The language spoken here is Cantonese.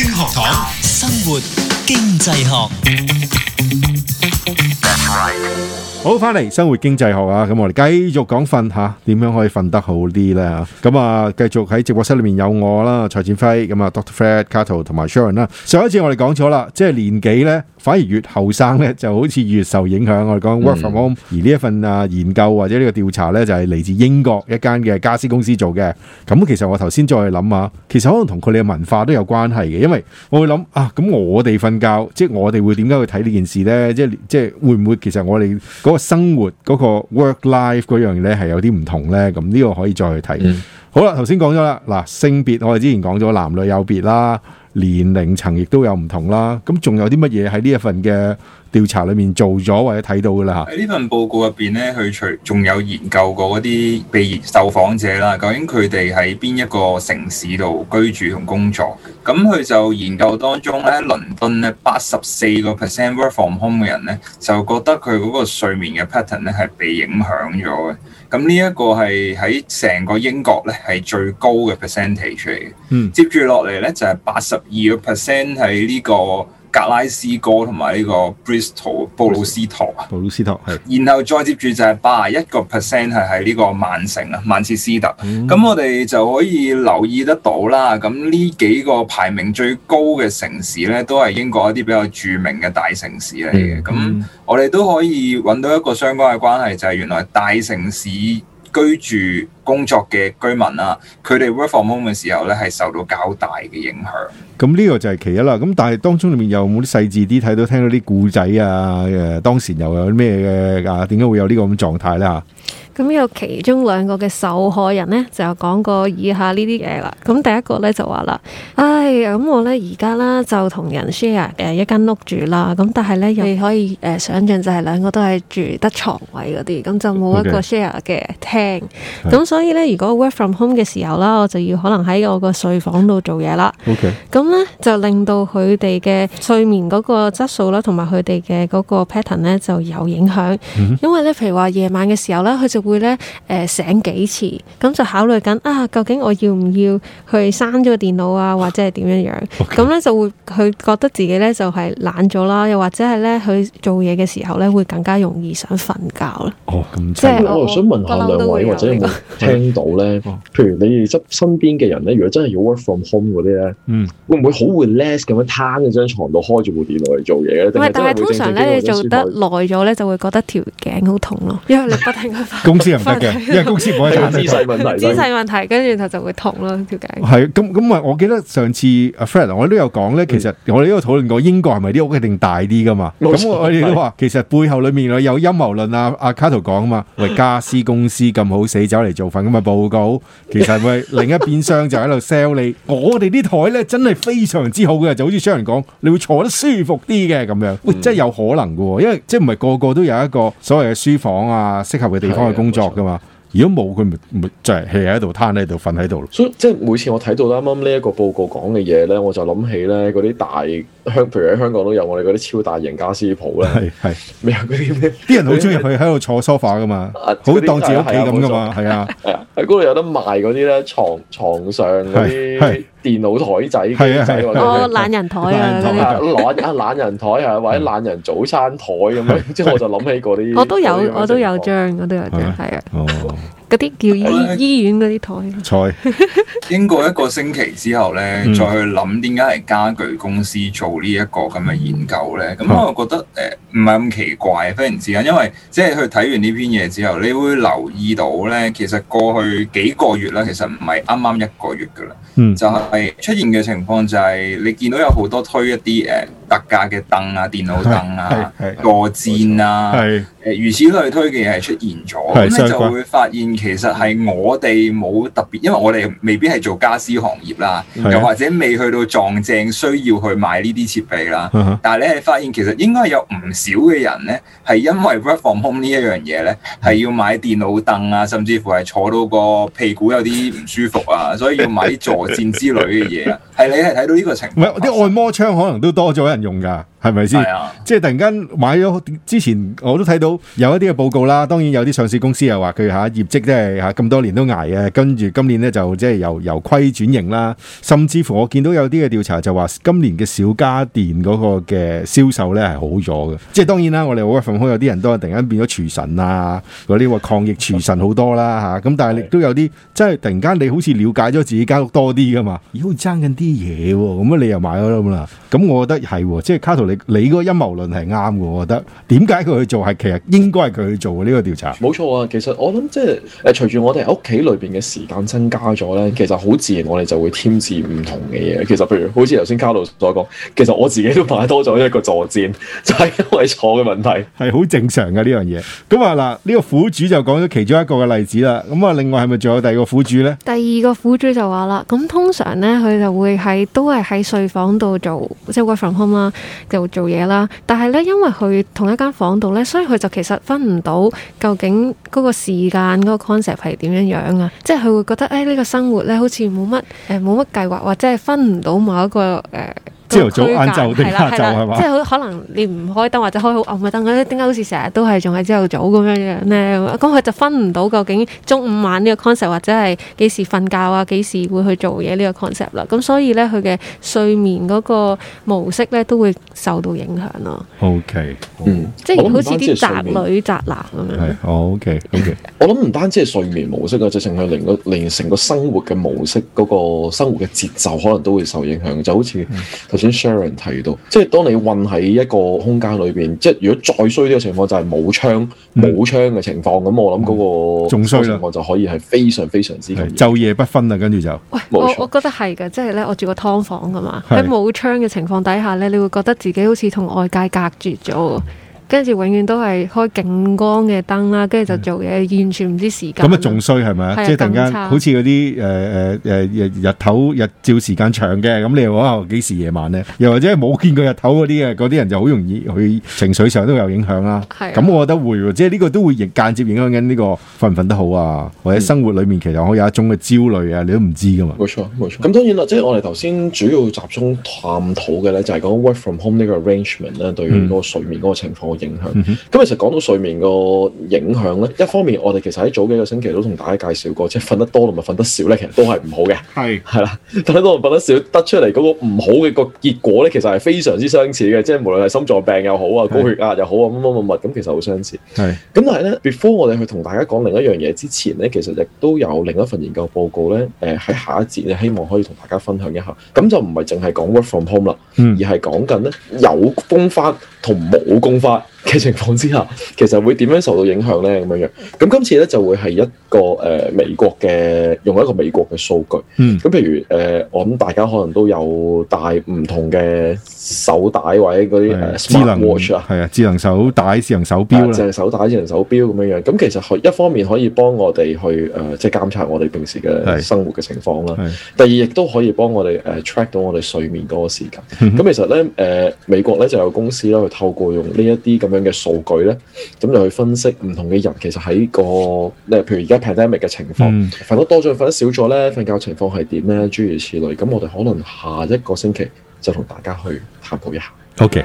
精學堂，生活經濟學。好翻嚟，生活經濟學啊，咁我哋繼續講瞓下，點樣可以瞓得好啲咧？吓，咁啊，繼續喺直播室裏面有我啦，蔡展輝，咁啊，Doctor Fred Cattle 同埋 Sharon 啦、啊。上一次我哋講咗啦，即係年紀咧，反而越後生咧，就好似越受影響。我哋講 Work from Home，嗯、而呢一份啊研究或者呢個調查咧，就係、是、嚟自英國一間嘅家私公司做嘅。咁其實我頭先再諗下，其實可能同佢哋嘅文化都有關係嘅，因為我會諗啊，咁我哋瞓覺，即係我哋會點解去睇呢件事咧？即係即係會唔會？其實我哋嗰個生活嗰個 work life 嗰樣咧係有啲唔同呢。咁呢個可以再去睇。嗯、好啦，頭先講咗啦，嗱，性別我哋之前講咗男女有別啦。年齡層亦都有唔同啦，咁仲有啲乜嘢喺呢一份嘅調查裏面做咗或者睇到噶啦？喺呢份報告入邊咧，佢除仲有研究過嗰啲被受訪者啦，究竟佢哋喺邊一個城市度居住同工作？咁佢就研究當中咧，倫敦咧八十四個 percent work from home 嘅人咧，就覺得佢嗰個睡眠嘅 pattern 咧係被影響咗嘅。咁呢一個係喺成個英國咧係最高嘅 percentage 嚟嘅。嗯，接住落嚟咧就係八十二個 percent 係呢個格拉斯哥同埋呢個 Bristol 布魯斯托啊，布魯斯托係。然後再接住就係八十一個 percent 係喺呢個曼城啊，曼徹斯特。咁、嗯、我哋就可以留意得到啦。咁呢幾個排名最高嘅城市呢，都係英國一啲比較著名嘅大城市嚟嘅。咁、嗯、我哋都可以揾到一個相關嘅關係，就係、是、原來大城市。居住工作嘅居民啦，佢哋 work from home 嘅時候咧，係受到較大嘅影響。咁呢個就係其一啦。咁但係當中裏面有冇啲細緻啲睇到，聽到啲故仔啊？誒，當時又有咩嘅啊？點解會有呢個咁狀態咧？吓？咁有其中兩個嘅受害人咧，就有講過以下呢啲嘢啦。咁第一個咧就話啦，唉，咁我咧而家啦，就同人 share 誒、呃、一間屋住啦。咁但係咧，你可以誒、呃、想像就係兩個都係住得床位嗰啲，咁就冇一個 share 嘅廳。咁 Okay. 所以咧，如果我 work from home 嘅時候啦，我就要可能喺我個睡房度做嘢啦。咁咧 Okay. 就令到佢哋嘅睡眠嗰個質素啦，同埋佢哋嘅嗰個 pattern 咧就有影響。Mm hmm. 因為咧，譬如話夜晚嘅時候咧，佢就會咧誒醒幾次，咁就考慮緊啊，究竟我要唔要去閂咗個電腦啊，或者係點樣樣？咁咧就會佢覺得自己咧就係懶咗啦，又或者係咧佢做嘢嘅時候咧會更加容易想瞓覺啦。哦，即係我我，我想問下兩位，有這個、或者我聽到咧，譬、啊、如你執身邊嘅人咧，如果真係要 work from home 嗰啲咧，嗯、會唔會好 relax 咁樣癱喺張床度開住部電腦嚟做嘢咧？唔係，但係通常咧你做得耐咗咧，就會覺得條頸好痛咯，因為你不停咁。 公司唔得嘅，因為公司本身姿勢問題，姿勢問題跟住然後就會痛咯條頸。係咁咁啊！我記得上次阿 Fred，我都有講咧。其實我哋呢度討論過，英國係咪啲屋一定大啲噶嘛？咁我哋都話，其實背後裏面有陰謀論啊！阿 Carter 講啊嘛，喂，家私公司咁好，死走嚟做份咁嘅報告，其實喂另一邊廂就喺度 sell 你？我哋啲台咧真係非常之好嘅，就好似商人講，你會坐得舒服啲嘅咁樣。喂，真係有可能噶，因為即係唔係個個都有一個所謂嘅書房啊，適合嘅地方嘅工。工作噶嘛？如果冇佢，咪就係企喺度癱喺度瞓喺度咯。就是，所以即係每次我睇到啱啱呢一個報告講嘅嘢咧，我就諗起咧嗰啲大香，譬如喺香港都有我哋嗰啲超大型家私鋪啦，係係，咩些啊？嗰啲咩？啲人好中意去喺度坐 sofa 噶嘛，好似當自己屋企咁噶嘛，係啊，係 啊，喺嗰度有得賣嗰啲咧，床床上嗰啲。電腦台仔嘅，哦，懶人台啊，懶懶人台啊，或者懶人早餐台咁樣，之後我就諗起嗰啲。我都有，我都有張，我都有張，係啊。嗰啲叫醫醫院嗰啲台，台 經過一個星期之後呢， 再去諗點解係家具公司做呢一個咁嘅研究呢。咁 我覺得誒唔係咁奇怪，忽然之間，因為即係去睇完呢篇嘢之後，你會留意到呢，其實過去幾個月啦，其實唔係啱啱一個月噶啦， 就係出現嘅情況就係、係、你見到有好多推一啲誒。呃特價嘅凳啊、電腦凳啊、坐墊啊，誒如此類推嘅嘢係出現咗，咁你就會發現其實係我哋冇特別，因為我哋未必係做家私行業啦，又或者未去到撞正需要去買呢啲設備啦。但係你係發現其實應該有唔少嘅人咧，係因為 work from home 呢一樣嘢咧，係要買電腦凳啊，甚至乎係坐到個屁股有啲唔舒服啊，所以要買啲坐墊之類嘅嘢啊。係你係睇到呢個情況，啲按摩槍可能都多咗用噶。係咪先？即係突然間買咗之前，我都睇到有一啲嘅報告啦。當然有啲上市公司又話佢吓業績真係吓咁多年都挨嘅，跟住今年咧，就即係由由虧轉型啦。甚至乎我見到有啲嘅調查就話，今年嘅小家電嗰個嘅銷售咧係好咗嘅。即係當然啦，我哋話放空有啲人都係突然間變咗廚神啊，嗰啲話抗疫廚神好多啦吓。咁但係亦都有啲即係突然間你好似了解咗自己間屋多啲噶嘛？咦、啊，好爭緊啲嘢喎，咁你又買咗啦咁啦。咁我覺得係即係你個陰謀論係啱嘅，我覺得。點解佢去做係其實應該係佢去做嘅呢個調查？冇錯啊，其實我諗即係誒，隨住我哋屋企裏邊嘅時間增加咗咧，其實好自然我哋就會添置唔同嘅嘢。其實譬如好似頭先卡路所講，其實我自己都買多咗一個坐墊，就係因為坐嘅問題，係好正常嘅呢樣嘢。咁啊嗱，呢個苦主就講咗其中一個嘅例子啦。咁啊，另外係咪仲有第二個苦主咧？第二個苦主就話啦，咁通常咧佢就會喺都係喺睡房度做，即係 work from home 啦。做做嘢啦，但係呢，因為佢同一間房度呢，所以佢就其實分唔到究竟嗰個時間嗰個 concept 係點樣樣啊，即係佢會覺得誒，呢個生活呢好似冇乜誒冇乜計劃，或者係分唔到某一個誒。呃朝頭早、晏晝、定下晝係嘛？即係可能你唔開燈或者開好暗嘅燈，點解好似成日都係仲係朝頭早咁樣樣咧？咁佢就分唔到究竟中午晚呢個 concept 或者係幾時瞓覺啊？幾時會去做嘢呢個 concept 啦？咁所以咧，佢嘅睡眠嗰個模式咧都會受到影響咯。OK，嗯，即係好似啲宅女宅男咁樣。係 OK，OK。我諗唔單止係睡眠模式啊，就成、是、個令個令成個生活嘅模式，嗰、嗰個生活嘅節奏可能都會受影響，就好似。嗯頭先 Sharon 提到，即係當你困喺一個空間裏邊，即係如果再衰啲嘅情況就係冇窗冇窗嘅情況，咁我諗嗰個仲衰啦，就可以係非常非常之係晝夜不分啦，跟住就喂，沒錯 我我覺得係嘅，即係咧，我住個劏房㗎嘛，喺冇窗嘅情況底下咧，你會覺得自己好似同外界隔絕咗。嗯跟住永遠都係開景光嘅燈啦，跟住就做嘢，嗯、完全唔知時間。咁啊，仲衰係咪即係突然間，好似嗰啲誒誒誒日日頭日照時間長嘅，咁你又話幾時夜晚咧？ 又或者冇見過日頭嗰啲嘅，嗰啲人就好容易佢情緒上都有影響啦。咁的我覺得會，即係呢個都會間接影響緊呢、呢個瞓唔瞓得好啊，嗯、或者生活裡面其實我有一種嘅焦慮啊，你都唔知㗎嘛。冇錯，冇錯。咁當然啦，即係我哋頭先主要集中探討嘅咧，就係講 work from home 呢個 arrangement 咧，對於嗰個睡眠嗰個情況、嗯。影響咁，嗯、其實講到睡眠個影響咧，一方面我哋其實喺早幾個星期都同大家介紹過，即係瞓得多同埋瞓得少咧，其實都係唔好嘅。係係啦，瞓得多瞓得少得出嚟嗰個唔好嘅個結果咧，其實係非常之相似嘅，即係無論係心臟病又好啊，高血壓又好啊，乜乜乜乜，咁，其實好相似。係咁是但係咧，before 我哋去同大家講另一樣嘢之前咧，其實亦都有另一份研究報告咧，誒、呃、喺下一節希望可以同大家分享一下。咁就唔係淨係講 work from home 啦，嗯、而係講緊咧有工返同冇工返。嘅情況之下，其實會點樣受到影響咧？咁樣樣，咁今次咧就會係一個誒美國嘅用一個美國嘅數據。咁譬如誒，我諗大家可能都有戴唔同嘅手帶或者嗰啲智能 watch 係啊，智能手帶、智能手錶啦，智能手帶、智能手錶咁樣樣。咁其實一方面可以幫我哋去誒，即係監察我哋平時嘅生活嘅情況啦。第二亦都可以幫我哋誒 track 到我哋睡眠嗰個時間。咁其實咧誒，美國咧就有公司咧去透過用呢一啲咁樣。嘅數據咧，咁就去分析唔同嘅人其實喺個，誒，譬如而家 pandemic 嘅情況，瞓得多咗，瞓得少咗咧，瞓覺情況係點咧，諸如此類。咁我哋可能下一個星期就同大家去探討一下。OK。